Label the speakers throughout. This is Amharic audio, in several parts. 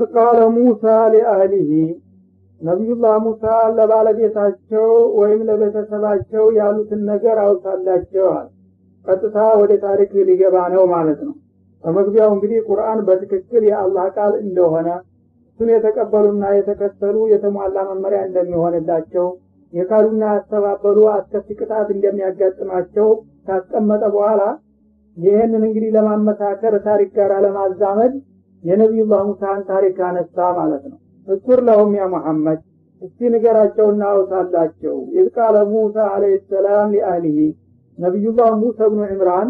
Speaker 1: ኢዝ ቃለ ሙሳ ሊአህሊሂ ነቢዩላህ ሙሳ ለባለቤታቸው ወይም ለቤተሰባቸው ያሉትን ነገር አውሳላቸዋል። ቀጥታ ወደ ታሪክ ሊገባ ነው ማለት ነው። በመግቢያው እንግዲህ ቁርአን በትክክል የአላህ ቃል እንደሆነ እሱን የተቀበሉና የተከተሉ የተሟላ መመሪያ እንደሚሆንላቸው የካሉና ያስተባበሉ አስከፊ ቅጣት እንደሚያጋጥማቸው ካስቀመጠ በኋላ ይህንን እንግዲህ ለማመሳከር ታሪክ ጋር ለማዛመድ የነቢዩላህ ሙሳን ታሪክ አነሳ ማለት ነው። እኩር ለሁም ያ ሙሐመድ እስቲ ንገራቸው እናውሳላቸው። ኢዝ ቃለ ሙሳ አለይሂ ሰላም ሊአህሊሂ ነቢዩላህ ሙሳ ብኑ ዕምራን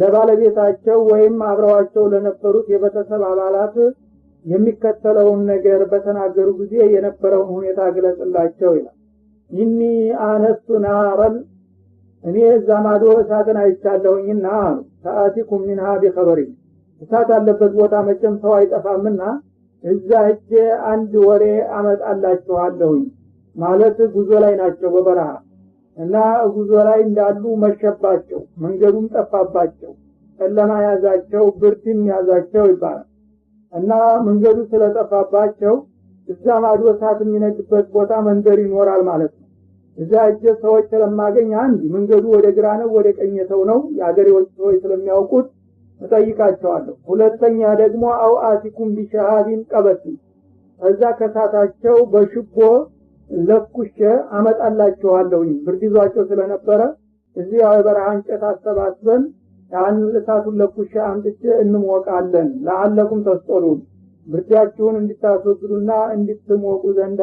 Speaker 1: ለባለቤታቸው ወይም አብረዋቸው ለነበሩት የቤተሰብ አባላት የሚከተለውን ነገር በተናገሩ ጊዜ የነበረውን ሁኔታ ግለጽላቸው ይላል። ይኒ አነስቱ ናረን እኔ እዛ ማዶ እሳትን አይቻለሁኝና አሉ ሰአቲኩም ሚንሃ ቢኸበሪኝ እሳት አለበት ቦታ መቼም ሰው አይጠፋምና እዛ እጄ አንድ ወሬ አመጣላችኋለሁኝ ማለት ጉዞ ላይ ናቸው በበረሃ እና ጉዞ ላይ እንዳሉ መሸባቸው መንገዱም ጠፋባቸው ጨለማ ያዛቸው ብርድም ያዛቸው ይባላል እና መንገዱ ስለጠፋባቸው እዛ ማዶ እሳት የሚነድበት ቦታ መንደር ይኖራል ማለት ነው እዛ እጀ ሰዎች ስለማገኝ አንድ መንገዱ ወደ ግራ ነው ወደ ቀኝተው ነው የአገሬዎች ሰዎች ስለሚያውቁት እጠይቃቸዋለሁ። ሁለተኛ ደግሞ አውአቲኩም ቢሸሃቢን ቀበት ከዛ ከሳታቸው በሽቦ ለኩሸ አመጣላችኋለሁኝ። ብርድ ይዟቸው ስለነበረ እዚህ ያው የበረሃ እንጨት አሰባስበን ያንን እሳቱን ለኩሸ አምጥቼ እንሞቃለን። ለአለኩም ተስጦሉን ብርዳችሁን እንድታስወግዱና እንድትሞቁ ዘንዳ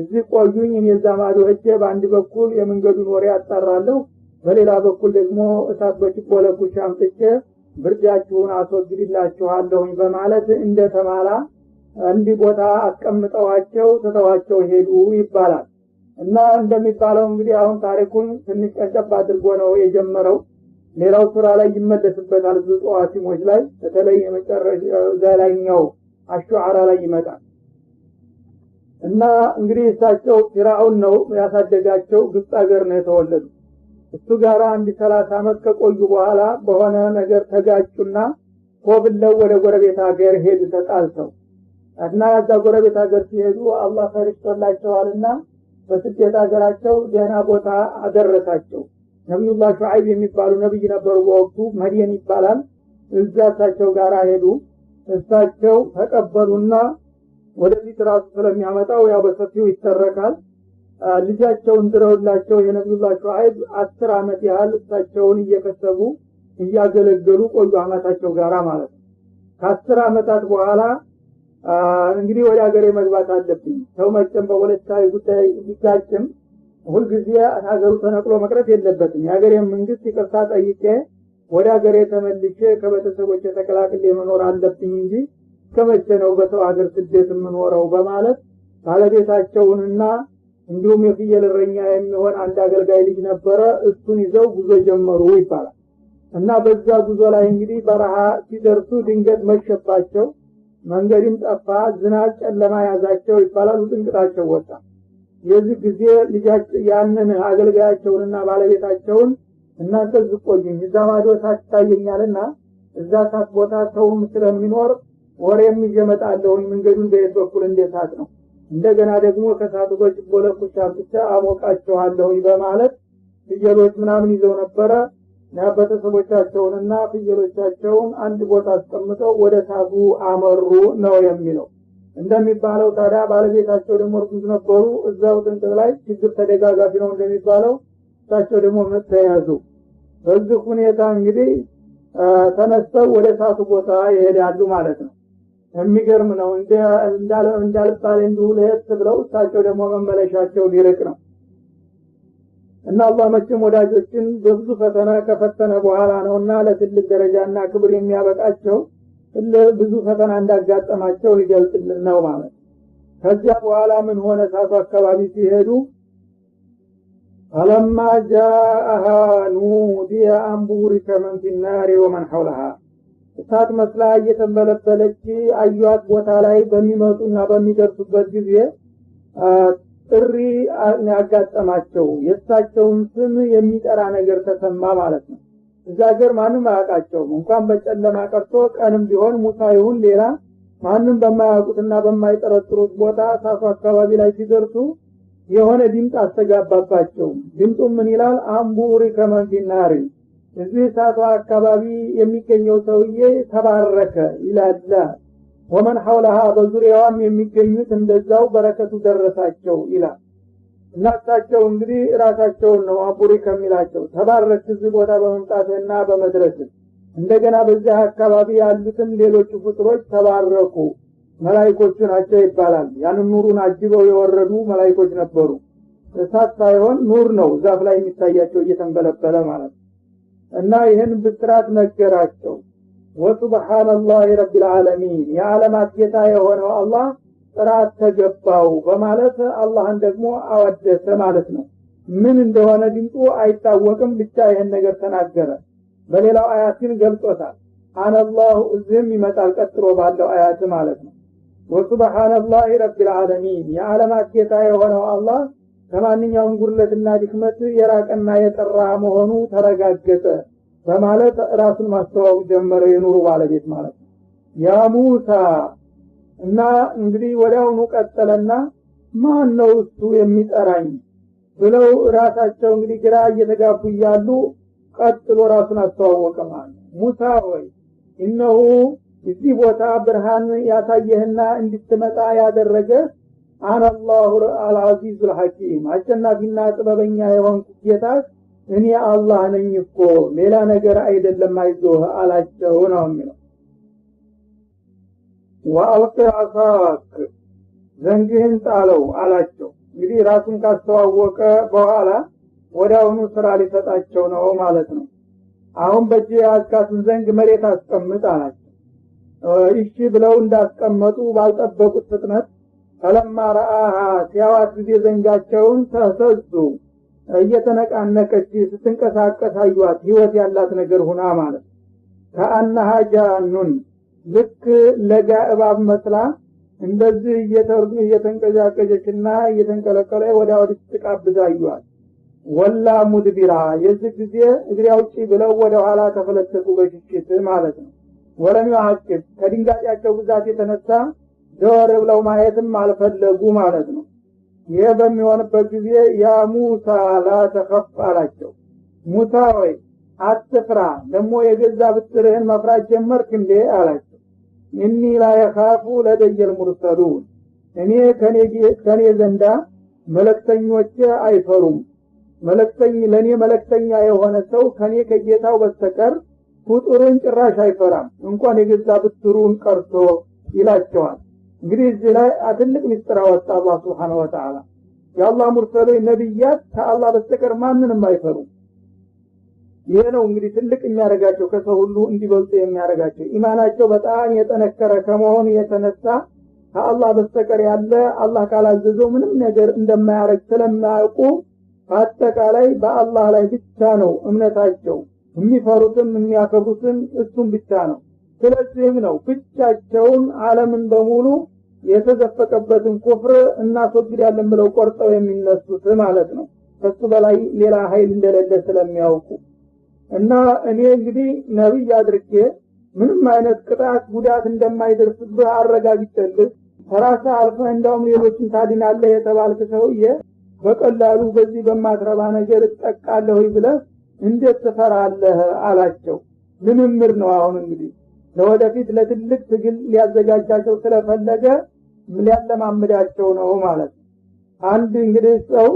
Speaker 1: እዚህ ቆዩኝ። እኔ ማዶ እጀ በአንድ በኩል የመንገዱን ወሬ አጣራለሁ፣ በሌላ በኩል ደግሞ እሳት በችቦ ለኩሸ አምጥቼ ብርዳችሁን አስወግድላችኋለሁኝ በማለት እንደ ተማላ እንዲ ቦታ አስቀምጠዋቸው ትተዋቸው ሄዱ ይባላል እና እንደሚባለው እንግዲህ አሁን ታሪኩን ትንሽ ቀንጨብ አድርጎ ነው የጀመረው ሌላው ሱራ ላይ ይመለስበታል ብዙ ጠዋሲሞች ላይ በተለይ የመጨረሻ አሹዓራ ላይ ይመጣል እና እንግዲህ እሳቸው ፊራውን ነው ያሳደጋቸው ግብፅ ሀገር ነው የተወለዱ እሱ ጋር አንድ ሰላሳ ዓመት ከቆዩ በኋላ በሆነ ነገር ተጋጩና ኮብለው ወደ ጎረቤት ሀገር ሄዱ ተጣልተው እና ያዛ ጎረቤት ሀገር ሲሄዱ አላህ ፈርሽቶላቸዋልና በስደት ሀገራቸው ደህና ቦታ አደረሳቸው ነቢዩላህ ሸዓይብ የሚባሉ ነቢይ ነበሩ በወቅቱ መድየን ይባላል እዛ እሳቸው ጋር ሄዱ እሳቸው ተቀበሉና ወደፊት ራሱ ስለሚያመጣው ያው በሰፊው ይተረካል ልጃቸውን ጥረውላቸው የነብዩላቸው አይብ አስር አመት ያህል እሳቸውን እየከሰቡ እያገለገሉ ቆዩ አመታቸው ጋራ ማለት ነው ከአስር አመታት በኋላ እንግዲህ ወደ ሀገሬ መግባት አለብኝ ሰው መጨም በፖለቲካዊ ጉዳይ ቢጋጭም ሁልጊዜ ሀገሩ ተነቅሎ መቅረት የለበትም የሀገሬ መንግስት ይቅርታ ጠይቄ ወደ ሀገሬ ተመልሼ ከቤተሰቦች ተቀላቅሌ መኖር አለብኝ እንጂ እስከመቼ ነው በሰው ሀገር ስደት የምኖረው በማለት ባለቤታቸውንና እንዲሁም የፍየል እረኛ የሚሆን አንድ አገልጋይ ልጅ ነበረ። እሱን ይዘው ጉዞ ጀመሩ ይባላል እና በዛ ጉዞ ላይ እንግዲህ በረሃ ሲደርሱ ድንገት መሸባቸው፣ መንገድም ጠፋ፣ ዝናብ ጨለማ ያዛቸው ይባላል። ውጥንቅጣቸው ወጣ። የዚህ ጊዜ ልጃቸው ያንን አገልጋያቸውንና ባለቤታቸውን እናንተ ዝቆዩኝ፣ እዛ ማዶ ሳት እዛ ሳት ቦታ ሰውም ስለሚኖር ወሬም ይዤ እመጣለሁኝ። በየት በኩል እንዴት ነው እንደገና ደግሞ ከሳቱ በጭቦ ለኩሽ አምጥቼ በማለት ፍየሎች ምናምን ይዘው ነበረ እና ቤተሰቦቻቸውንና ፍየሎቻቸውን አንድ ቦታ አስቀምጠው ወደ ሳቱ አመሩ ነው የሚለው። እንደሚባለው ታዲያ ባለቤታቸው ደግሞ እርጉዝ ነበሩ። እዛው ጥንቅት ላይ ችግር ተደጋጋፊ ነው እንደሚባለው፣ እሳቸው ደግሞ ተያዙ። በዚህ ሁኔታ እንግዲህ ተነስተው ወደ ሳቱ ቦታ ይሄዳሉ ማለት ነው። የሚገርም ነው እንዳልባል እንዲሁ ለየት ብለው እሳቸው ደግሞ መመለሻቸው ሊርቅ ነው እና አላህ መቼም ወዳጆችን በብዙ ፈተና ከፈተነ በኋላ ነው እና ለትልቅ ደረጃና ክብር የሚያበቃቸው ብዙ ፈተና እንዳጋጠማቸው ሊገልጽልን ነው ማለት ከዚያ በኋላ ምን ሆነ ሳቱ አካባቢ ሲሄዱ ፈለማ ጃአሃ ኑዲያ አንቡሪከ መን ፊናሪ ወመን ሐውለሃ እሳት መስላ እየተንበለበለች አዩዋት ቦታ ላይ በሚመጡና በሚደርሱበት ጊዜ ጥሪ ያጋጠማቸው የእሳቸውን ስም የሚጠራ ነገር ተሰማ ማለት ነው። እዛ ሀገር ማንም አያውቃቸውም። እንኳን በጨለማ ቀርቶ ቀንም ቢሆን ሙሳ ይሁን ሌላ ማንም በማያውቁትና በማይጠረጥሩት ቦታ እሳቱ አካባቢ ላይ ሲደርሱ የሆነ ድምፅ አስተጋባባቸው። ድምፁ ምን ይላል? አምቡሪ ከመንፊናሪ እዚህ እሳቷ አካባቢ የሚገኘው ሰውዬ ተባረከ ይላላ ወመን ሐውለሃ በዙሪያዋም የሚገኙት እንደዛው በረከቱ ደረሳቸው ይላል እናሳቸው እንግዲህ ራሳቸውን ነው አቡሪ ከሚላቸው ተባረክ እዚህ ቦታ በመምጣትና በመድረስ እንደገና በዚህ አካባቢ ያሉትም ሌሎቹ ፍጥሮች ተባረኩ መላይኮቹ ናቸው ይባላል ያን ኑሩን አጅበው የወረዱ መላይኮች ነበሩ እሳት ሳይሆን ኑር ነው ዛፍ ላይ የሚታያቸው እየተንበለበለ ማለት እና ይህን ብስራት ነገራቸው ወሱብሓነላህ ረቢልዓለሚን የዓለማት ጌታ የሆነው አላህ ጥራት ተገባው በማለት አላህን ደግሞ አወደሰ ማለት ነው ምን እንደሆነ ድምጡ አይታወቅም ብቻ ይህን ነገር ተናገረ በሌላው አያት ግን ገልጾታል አነላሁ እዚህም ይመጣል ቀጥሎ ባለው አያት ማለት ነው ወሱብሓነላህ ረቢልዓለሚን የዓለማት ጌታ የሆነው አላህ ከማንኛውም ጉድለትና ድክመት የራቀና የጠራ መሆኑ ተረጋገጠ በማለት ራሱን ማስተዋወቅ ጀመረ። የኑሩ ባለቤት ማለት ነው። ያ ሙሳ እና እንግዲህ ወዲያውኑ ቀጠለና ማን ነው እሱ የሚጠራኝ ብለው ራሳቸው እንግዲህ ግራ እየተጋቡ እያሉ ቀጥሎ ራሱን አስተዋወቀ ማለት ሙሳ ሆይ እነሁ እዚህ ቦታ ብርሃን ያሳየህና እንድትመጣ ያደረገ አናላሁ አልዓዚዙ ልሐኪም አጨናፊና ጥበበኛ የሆንኩ ጌታ እኔ አላህ ነኝ እኮ ሌላ ነገር አይደለም አይዞህ አላቸው ነው የሚለው ወአልቂ አሳክ ዘንግህን ጣለው አላቸው እንግዲህ ራሱን ካስተዋወቀ በኋላ ወደ ስራ ሊሰጣቸው ነው ማለት ነው አሁን በእጅ ያዝካትን ዘንግ መሬት አስቀምጥ አላቸው እሺ ብለው እንዳስቀመጡ ባልጠበቁት ፍጥነት ፈለማ ረአሃ ሲያዋት ጊዜ ዘንጋቸውን ተሰዙ እየተነቃነቀች ስትንቀሳቀስ አዩዋት ህይወት ያላት ነገር ሁና ማለት ከአናሃ ጃኑን ልክ ለጋ እባብ መስላ እንደዚህ እየተንቀጃቀጀችና እየተንቀለቀለ ወዳ ወዲህ ስትቃብዝ አዩዋት ወላ ሙድቢራ የዚህ ጊዜ እግሬ አውጪ ብለው ወደ ኋላ ተፈለተቁ በሽሽት ማለት ነው ወለም ዩዓቂብ ከድንጋጤያቸው ብዛት የተነሳ ዘወር ብለው ማየትም አልፈለጉ ማለት ነው። ይሄ በሚሆንበት ጊዜ ያ ሙሳ ላተኸፍ አላቸው። ሙሳ ወይ አትፍራ፣ ደግሞ የገዛ ብትርህን መፍራት ጀመርክ እንዴ አላቸው። እኒ ላየኻፉ ለደየል ሙርሰሉን እኔ ከኔ ዘንዳ መለክተኞቼ አይፈሩም። መለክተኝ ለእኔ መለክተኛ የሆነ ሰው ከኔ ከጌታው በስተቀር ፍጡርን ጭራሽ አይፈራም፣ እንኳን የገዛ ብትሩን ቀርቶ ይላቸዋል። እንግዲህ እዚህ ላይ ትልቅ ሚስጥር አወጣ አላህ ስብሓን ወተላ የአላህ ሙርሰሎች ነቢያት ከአላህ በስተቀር ማንንም አይፈሩ ይሄ ነው እንግዲህ ትልቅ የሚያደርጋቸው ከሰው ሁሉ እንዲበልጡ የሚያደርጋቸው ኢማናቸው በጣም የጠነከረ ከመሆኑ የተነሳ ከአላህ በስተቀር ያለ አላህ ካላዘዘው ምንም ነገር እንደማያደርግ ስለማያውቁ በአጠቃላይ በአላህ ላይ ብቻ ነው እምነታቸው የሚፈሩትም የሚያከብሩትም እሱም ብቻ ነው ስለዚህም ነው ብቻቸውን አለምን በሙሉ የተዘፈቀበትን ኩፍር እናስወግዳለን ብለው ቆርጠው የሚነሱት ማለት ነው ከሱ በላይ ሌላ ሀይል እንደሌለ ስለሚያውቁ እና እኔ እንግዲህ ነቢይ አድርጌ ምንም አይነት ቅጣት ጉዳት እንደማይደርስብህ አረጋግጠልህ ከራስህ አልፈ እንዳውም ሌሎችን ታድናለህ የተባልክ ሰውዬ በቀላሉ በዚህ በማትረባ ነገር እጠቃለሁ ብለህ እንዴት ትፈራለህ አላቸው ልምምር ነው አሁን እንግዲህ ለወደፊት ለትልቅ ትግል ሊያዘጋጃቸው ስለፈለገ ሊያለማምዳቸው ነው ማለት ነው። አንድ እንግዲህ ሰው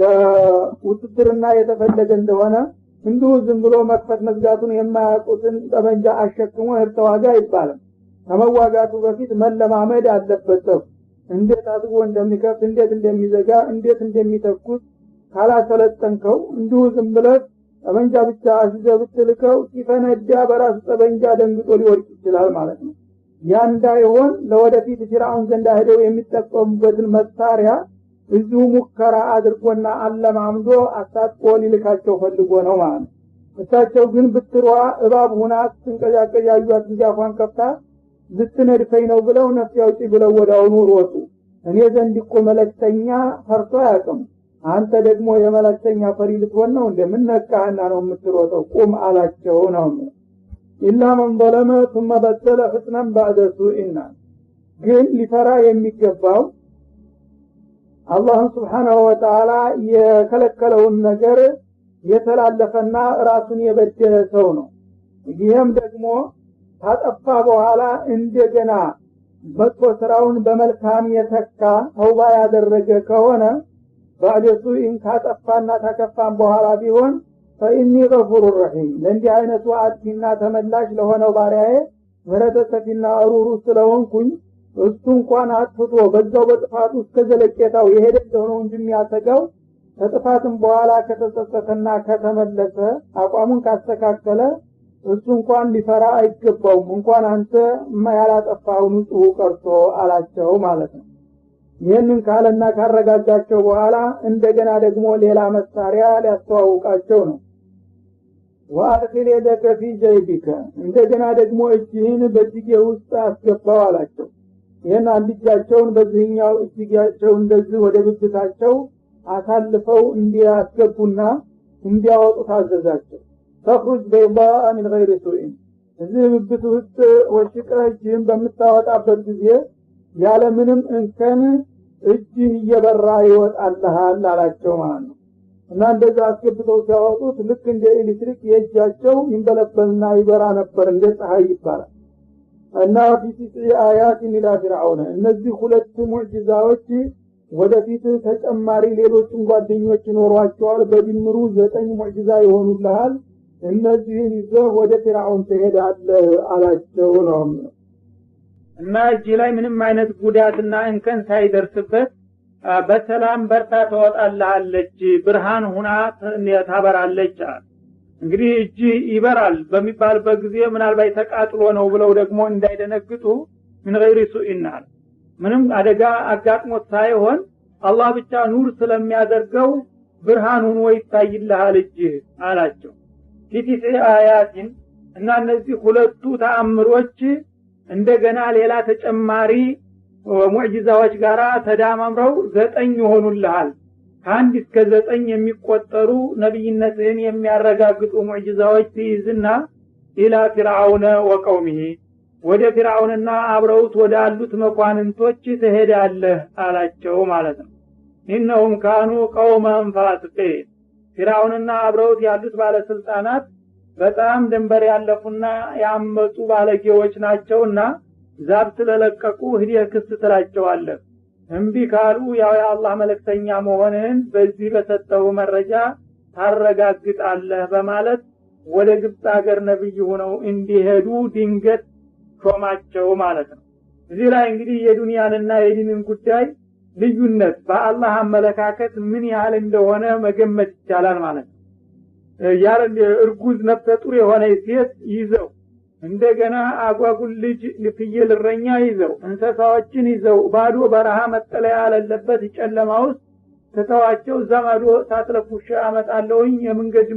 Speaker 1: ለውትድርና የተፈለገ እንደሆነ እንዲሁ ዝም ብሎ መክፈት መዝጋቱን የማያውቁትን ጠመንጃ አሸክሞ እርተዋጋ አይባልም። ከመዋጋቱ በፊት መለማመድ አለበት። ሰው እንዴት አድርጎ እንደሚከፍት፣ እንዴት እንደሚዘጋ፣ እንዴት እንደሚተኩስ ካላሰለጠንከው እንዲሁ ዝም ብለት ጠመንጃ ብቻ አስይዘ ብትልከው ሲፈነዳ በራሱ ጠመንጃ ደንግጦ ሊወድቅ ይችላል ማለት ነው። ያ እንዳይሆን ለወደፊት ፊርአውን ዘንዳ ሄደው የሚጠቀሙበትን መሳሪያ እዚሁ ሙከራ አድርጎና አለማምዶ አስታጥቆ ሊልካቸው ፈልጎ ነው ማለት ነው። እሳቸው ግን ብትሯ እባብ ሁና ስትንቀዣቀዥ ያዩት ዛፏን ከፍታ ልትነድፈኝ ነው ብለው ነፍስ ብለው ወደ አሁኑ ሮጡ። እኔ ዘንድ እኮ መለክተኛ ፈርቶ አያውቅም አንተ ደግሞ የመላእክተኛ ፈሪ ልትሆን ነው እንደምን ነው የምትሮጠው ቁም አላቸው ነው ኢላ መን ظለመ ثم በደለ ፍጥነን ባዕደ ሱኢና ግን ሊፈራ የሚገባው አላህን ስብሓናሁ ወተአላ የከለከለውን ነገር የተላለፈና ራሱን የበደለ ሰው ነው ይህም ደግሞ ካጠፋ በኋላ እንደገና መጥፎ ስራውን በመልካም የተካ ተውባ ያደረገ ከሆነ ባዕደሱ ኢን ካጠፋና ካከፋም በኋላ ቢሆን ፈኢኒ ገፉሩ ረሒም ለእንዲህ አይነቱ አጥፊና ተመላሽ ለሆነው ባሪያዬ ምህረተ ሰፊና አሩሩ ስለሆንኩኝ እሱ እንኳን አጥፍቶ በዛው በጥፋቱ እስከ ዘለቄታው የሄደ እንደሆነው እንጂ የሚያሰጋው ከጥፋትም በኋላ ከተጸጸተና ከተመለሰ አቋሙን ካስተካከለ እሱ እንኳን ሊፈራ አይገባውም እንኳን አንተ ያላጠፋው ንጹህ ቀርቶ አላቸው ማለት ነው ይህንን ካለና ካረጋጋቸው በኋላ እንደገና ደግሞ ሌላ መሳሪያ ሊያስተዋውቃቸው ነው ወአድኪል የደከ ፊ ጀይቢከ እንደገና ደግሞ እጅህን በእጅጌ ውስጥ አስገባው አላቸው ይህን አንድ እጃቸውን በዚህኛው እጅጌያቸው እንደዚህ ወደ ብብታቸው አሳልፈው እንዲያስገቡና እንዲያወጡ ታዘዛቸው ተክሩጅ በይባ ሚን ገይር ሱኢን እዚህ ብብት ውስጥ ወሽቀህ እጅህን በምታወጣበት ጊዜ ያለምንም እንከን እጅህ እየበራ ይወጣልሃል አላቸው ማለት ነው። እና እንደዛ አስገብተው ሲያወጡት ልክ እንደ ኤሌክትሪክ የእጃቸው ይንበለበልና ይበራ ነበር፣ እንደ ፀሐይ ይባላል። እና ፊትስ አያትን ኢላ ፊርዐውነ እነዚህ ሁለት ሙዕጅዛዎች ወደፊት ተጨማሪ ሌሎችን ጓደኞች ይኖሯቸዋል። በድምሩ ዘጠኝ ሙዕጅዛ ይሆኑልሃል። እነዚህን ይዘህ ወደ ፊርዐውን ትሄዳለህ አላቸው ነው።
Speaker 2: እና እጅ ላይ ምንም አይነት ጉዳትና እንከን ሳይደርስበት በሰላም በርታ ተወጣልሃለች፣ ብርሃን ሁና ታበራለች እንግዲህ እጅ ይበራል በሚባልበት ጊዜ ምናልባት ተቃጥሎ ነው ብለው ደግሞ እንዳይደነግጡ ምን ገይሪ ሱኢናል ምንም አደጋ አጋጥሞት ሳይሆን አላህ ብቻ ኑር ስለሚያደርገው ብርሃን ሁኖ ይታይልሃል እጅ አላቸው። ሊቲሴ አያቲን እና እነዚህ ሁለቱ ተአምሮች እንደገና ሌላ ተጨማሪ ሙዕጂዛዎች ጋር ተዳማምረው ዘጠኝ ይሆኑልሃል ከአንድ እስከ ዘጠኝ የሚቆጠሩ ነቢይነትህን የሚያረጋግጡ ሙዕጂዛዎች ትይዝና ኢላ ፊርአውነ ወቀውሚሂ ወደ ፊርአውንና አብረውት ወዳሉት መኳንንቶች ትሄዳለህ አላቸው ማለት ነው ኢነሁም ካኑ ቀውመን ፋስቄ ፊርአውንና አብረውት ያሉት ባለስልጣናት በጣም ድንበር ያለፉና ያመፁ ባለጌዎች ናቸውና ዛብ ስለለቀቁ ሂደህ ክስ ትላቸዋለህ። እምቢ ካሉ ያው የአላህ መለክተኛ መሆንህን በዚህ በሰጠው መረጃ ታረጋግጣለህ በማለት ወደ ግብፅ አገር ነቢይ ሆነው እንዲሄዱ ድንገት ሾማቸው ማለት ነው። እዚህ ላይ እንግዲህ የዱንያንና የዲንን ጉዳይ ልዩነት በአላህ አመለካከት ምን ያህል እንደሆነ መገመት ይቻላል ማለት ነው። እርጉዝ ነፍሰ ጡር የሆነ ሴት ይዘው እንደገና አጓጉል ልጅ ፍየል እረኛ ይዘው እንስሳዎችን ይዘው ባዶ በረሃ መጠለያ ያለለበት ጨለማ ውስጥ ትተዋቸው እዛ ማዶ ሳትለኩሽ አመጣለሁኝ የመንገድ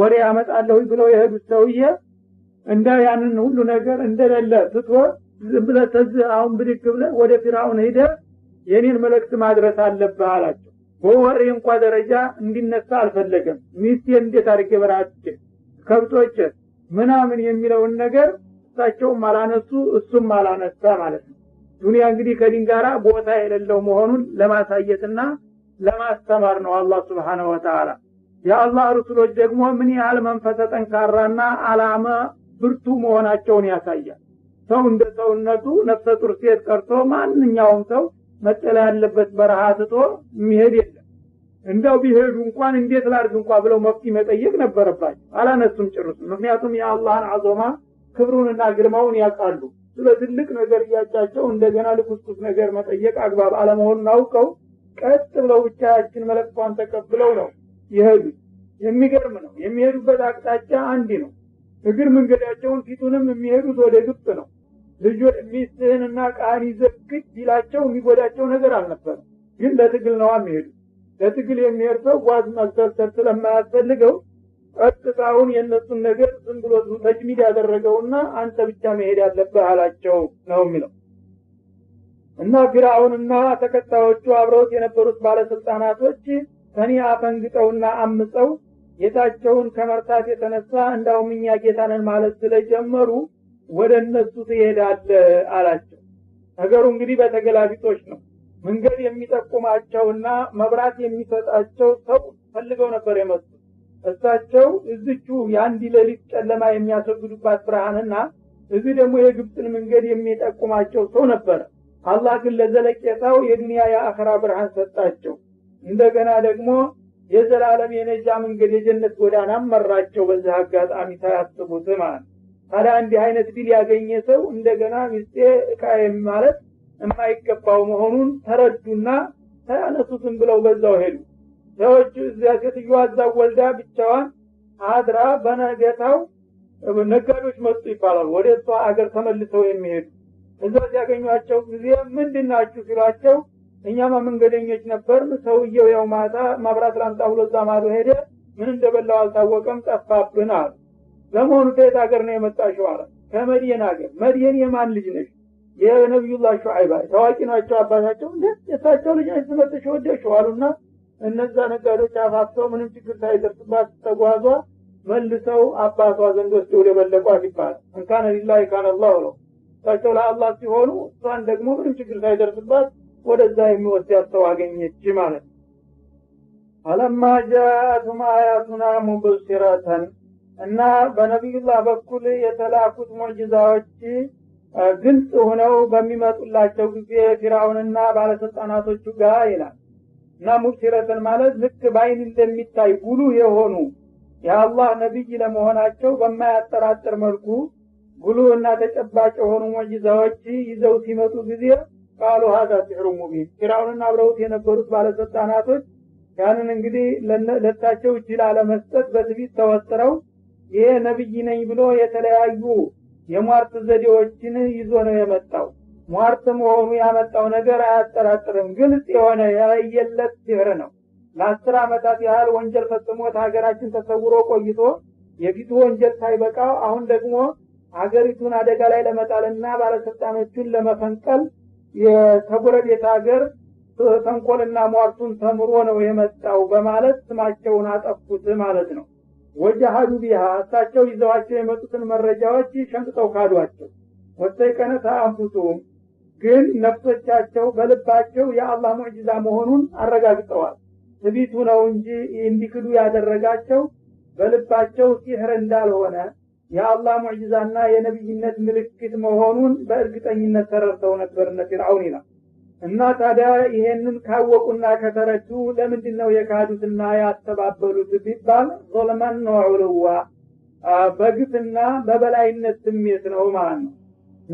Speaker 2: ወሬ አመጣለሁኝ ብለው የሄዱት ሰውዬ እንደ ያንን ሁሉ ነገር እንደሌለ ትቶ ዝም ብለህ ተዝ አሁን ብድግ ብለ ወደ ፊራውን ሂደ የኔን መልእክት ማድረስ አለብህ አላቸው በወሬ እንኳ ደረጃ እንዲነሳ አልፈለገም። ሚስቴ እንዴት አድርጌ በራቼ ከብቶች ምናምን የሚለውን ነገር እሳቸውም አላነሱ እሱም አላነሳ ማለት ነው። ዱንያ እንግዲህ ከዲንጋራ ቦታ የሌለው መሆኑን ለማሳየትና ለማስተማር ነው አላህ ስብሓነሁ ወተዓላ። የአላህ ርሱሎች ደግሞ ምን ያህል መንፈሰ ጠንካራና አላማ ብርቱ መሆናቸውን ያሳያል። ሰው እንደ ሰውነቱ ነፍሰ ጡር ሴት ቀርቶ ማንኛውም ሰው መጠለያ ያለበት በረሃ ትቶ የሚሄድ የለም። እንደው ቢሄዱ እንኳን እንዴት ላድርግ እንኳ ብለው መፍትሄ መጠየቅ ነበረባቸው። አላነሱም ጭርሱ። ምክንያቱም የአላህን አዞማ ክብሩንና ግርማውን ያውቃሉ። ስለ ትልቅ ነገር እያጫቸው እንደገና ልኩስኩስ ነገር መጠየቅ አግባብ አለመሆኑን አውቀው ቀጥ ብለው ብቻችን ያችን መለክቷን ተቀብለው ነው ይሄዱ የሚገርም ነው። የሚሄዱበት አቅጣጫ አንድ ነው። እግር መንገዳቸውን ፊቱንም የሚሄዱት ወደ ግብጽ ነው። ልጆች ሚስትህንና ቃህን ይዘህ ይላቸው የሚጎዳቸው ነገር አልነበረም። ግን ለትግል ነው የሚሄዱ ለትግል የሚሄድ ሰው ጓዝ መሰልሰል ስለማያስፈልገው ቀጥታውን የእነሱን ነገር ዝም ብሎ ተጅሚድ ያደረገውና አንተ ብቻ መሄድ ያለብህ አላቸው ነው የሚለው እና ፊራውንና ተከታዮቹ አብረውት የነበሩት ባለስልጣናቶች ከኔ አፈንግጠውና አምፀው ጌታቸውን ከመርታት የተነሳ እንዳውም እኛ ጌታነን ማለት ስለጀመሩ ወደ እነሱ ትሄዳለህ አላቸው ነገሩ እንግዲህ በተገላቢጦች ነው መንገድ የሚጠቁማቸውና መብራት የሚሰጣቸው ሰው ፈልገው ነበር የመጡ እሳቸው እዝቹ የአንድ ሌሊት ጨለማ የሚያስወግዱባት ብርሃንና እዚህ ደግሞ የግብፅን መንገድ የሚጠቁማቸው ሰው ነበረ አላህ ግን ለዘለቄታው የዱኒያ የአኸራ ብርሃን ሰጣቸው እንደገና ደግሞ የዘላለም የነጃ መንገድ የጀነት ጎዳና መራቸው በዚህ አጋጣሚ ሳያስቡት ማለት ታዲያ እንዲህ አይነት ቢል ያገኘ ሰው እንደገና ሚስቴ እቃ ማለት የማይገባው መሆኑን ተረዱና ተያነሱትም ብለው በዛው ሄዱ። ሰዎቹ እዚያ ሴትዮዋ እዛ ወልዳ ብቻዋን አድራ በነገታው ነጋዴዎች መጡ ይባላል። ወደ እሷ አገር ተመልሰው የሚሄዱ እዛ ሲያገኟቸው ጊዜ ምንድን ናችሁ ሲሏቸው እኛማ መንገደኞች ነበር ሰውየው ያው ማታ ማብራት ላምጣ ብሎ እዛ ማዶ ሄደ፣ ምን እንደበላው አልታወቀም፣ ጠፋብን አሉ። ለመሆኑ ከየት ሀገር ነው የመጣሽው? አለ። ከመድየን ሀገር። መድየን የማን ልጅ ነሽ? የነቢዩላህ ሹዐይባ ታዋቂ ናቸው አባታቸው። እንደ የእሳቸው ልጅ ነሽ ትመጥሽ ወደድሽው አሉና እነዛ ነጋዴዎች አፋፍተው ምንም ችግር ሳይደርስባት ተጓዟ መልሰው አባቷ ዘንድ ወደ ደበለቋት ይባላል። እንካነ ሊላ ካነ አላሁ ነው። እሳቸው ለአላህ ሲሆኑ እሷን ደግሞ ምንም ችግር ሳይደርስባት ወደዛ የሚወስዳት ሰው አገኘች ማለት ነው።
Speaker 1: ፈለማ ጃአቱም አያቱና ሙብሲራተን እና በነቢዩላህ በኩል የተላኩት ሙዕጅዛዎች ግልጽ ሆነው በሚመጡላቸው ጊዜ ፊራውንና ባለስልጣናቶቹ ጋር ይላል እና ሙብሲረትን ማለት ልክ በአይን እንደሚታይ ጉሉህ የሆኑ የአላህ ነቢይ ለመሆናቸው በማያጠራጥር መልኩ ጉሉህ እና ተጨባጭ የሆኑ ሙዕጅዛዎች ይዘው ሲመጡ ጊዜ ቃሉ ሀዛ ሲሕሩ ሙቢን ፊራውንና አብረውት የነበሩት ባለስልጣናቶች ያንን እንግዲህ ለታቸው እጅ ላለመስጠት በትቢት ተወጥረው ይህ ነብይ ነኝ ብሎ የተለያዩ የሟርት ዘዴዎችን ይዞ ነው የመጣው። ሟርት መሆኑ ያመጣው ነገር አያጠራጥርም። ግልጽ የሆነ የለየለት ሲህር ነው። ለአስር ዓመታት ያህል ወንጀል ፈጽሞት ሀገራችን ተሰውሮ ቆይቶ የፊቱ ወንጀል ሳይበቃው አሁን ደግሞ አገሪቱን አደጋ ላይ ለመጣልና ባለስልጣኖቹን ለመፈንቀል የተጎረቤት ሀገር ተንኮልና ሟርቱን ተምሮ ነው የመጣው በማለት ስማቸውን አጠፉት ማለት ነው። ወጃሃዱ ቢሃ እሳቸው ይዘዋቸው የመጡትን መረጃዎች ሸምጥጠው ካዷቸው ቀነታ አንፉሱሁም ግን ነፍሶቻቸው በልባቸው የአላህ ሙዕጂዛ መሆኑን አረጋግጠዋል። ትቢቱ ነው እንጂ እንዲክዱ ያደረጋቸው በልባቸው ሲህር እንዳልሆነ የአላህ ሙዕጂዛና የነቢይነት ምልክት መሆኑን በእርግጠኝነት ተረድተው ነበርነ ፊርአውን ይላል። እና ታዲያ ይሄንን ካወቁና ከተረዱ ለምንድን ነው የካዱትና ያተባበሉት ቢባል ዞልመን ነው ዑልዋ በግፍና በበላይነት ስሜት ነው ማለት ነው።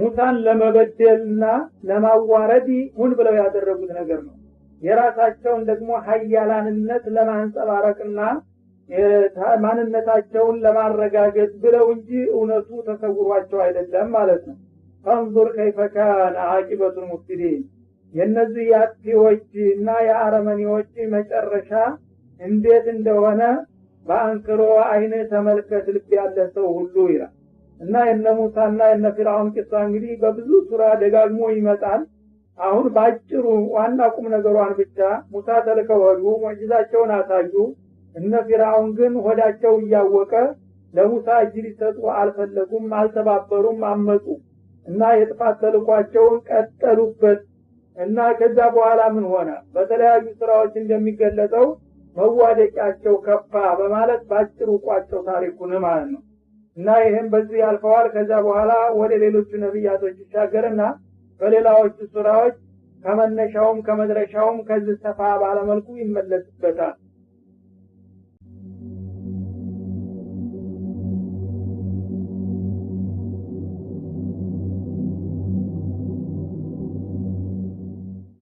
Speaker 1: ሙሳን ለመበደልና ለማዋረድ ሁን ብለው ያደረጉት ነገር ነው። የራሳቸውን ደግሞ ሀያላንነት ለማንጸባረቅና ማንነታቸውን ለማረጋገጥ ብለው እንጂ እውነቱ ተሰውሯቸው አይደለም ማለት ነው። ፈንዙር ከይፈ ካነ አቂበቱል የእነዚህ የአጥፊዎች እና የአረመኔዎች መጨረሻ እንዴት እንደሆነ በአንክሮ አይን ተመልከት ልብ ያለ ሰው ሁሉ ይላል እና የነ ሙሳና የነ ፊርአውን ቂሳ እንግዲህ በብዙ ሱራ ደጋግሞ ይመጣል አሁን በአጭሩ ዋና ቁም ነገሯን ብቻ ሙሳ ተልከወዱ ሄዱ ሙዕጅዛቸውን አሳዩ እነ ፊርአውን ግን ሆዳቸው እያወቀ ለሙሳ እጅ ሊሰጡ አልፈለጉም አልተባበሩም አመፁ እና የጥፋት ተልኳቸውን ቀጠሉበት እና ከዛ በኋላ ምን ሆነ? በተለያዩ ስራዎች እንደሚገለጸው መዋደቂያቸው ከፋ በማለት በአጭር ውቋቸው ታሪኩን ማለት ነው። እና ይህም በዚህ ያልፈዋል። ከዛ በኋላ ወደ ሌሎቹ ነቢያቶች ይሻገርና በሌላዎቹ ስራዎች ከመነሻውም ከመድረሻውም ከዚህ ሰፋ ባለመልኩ ይመለስበታል።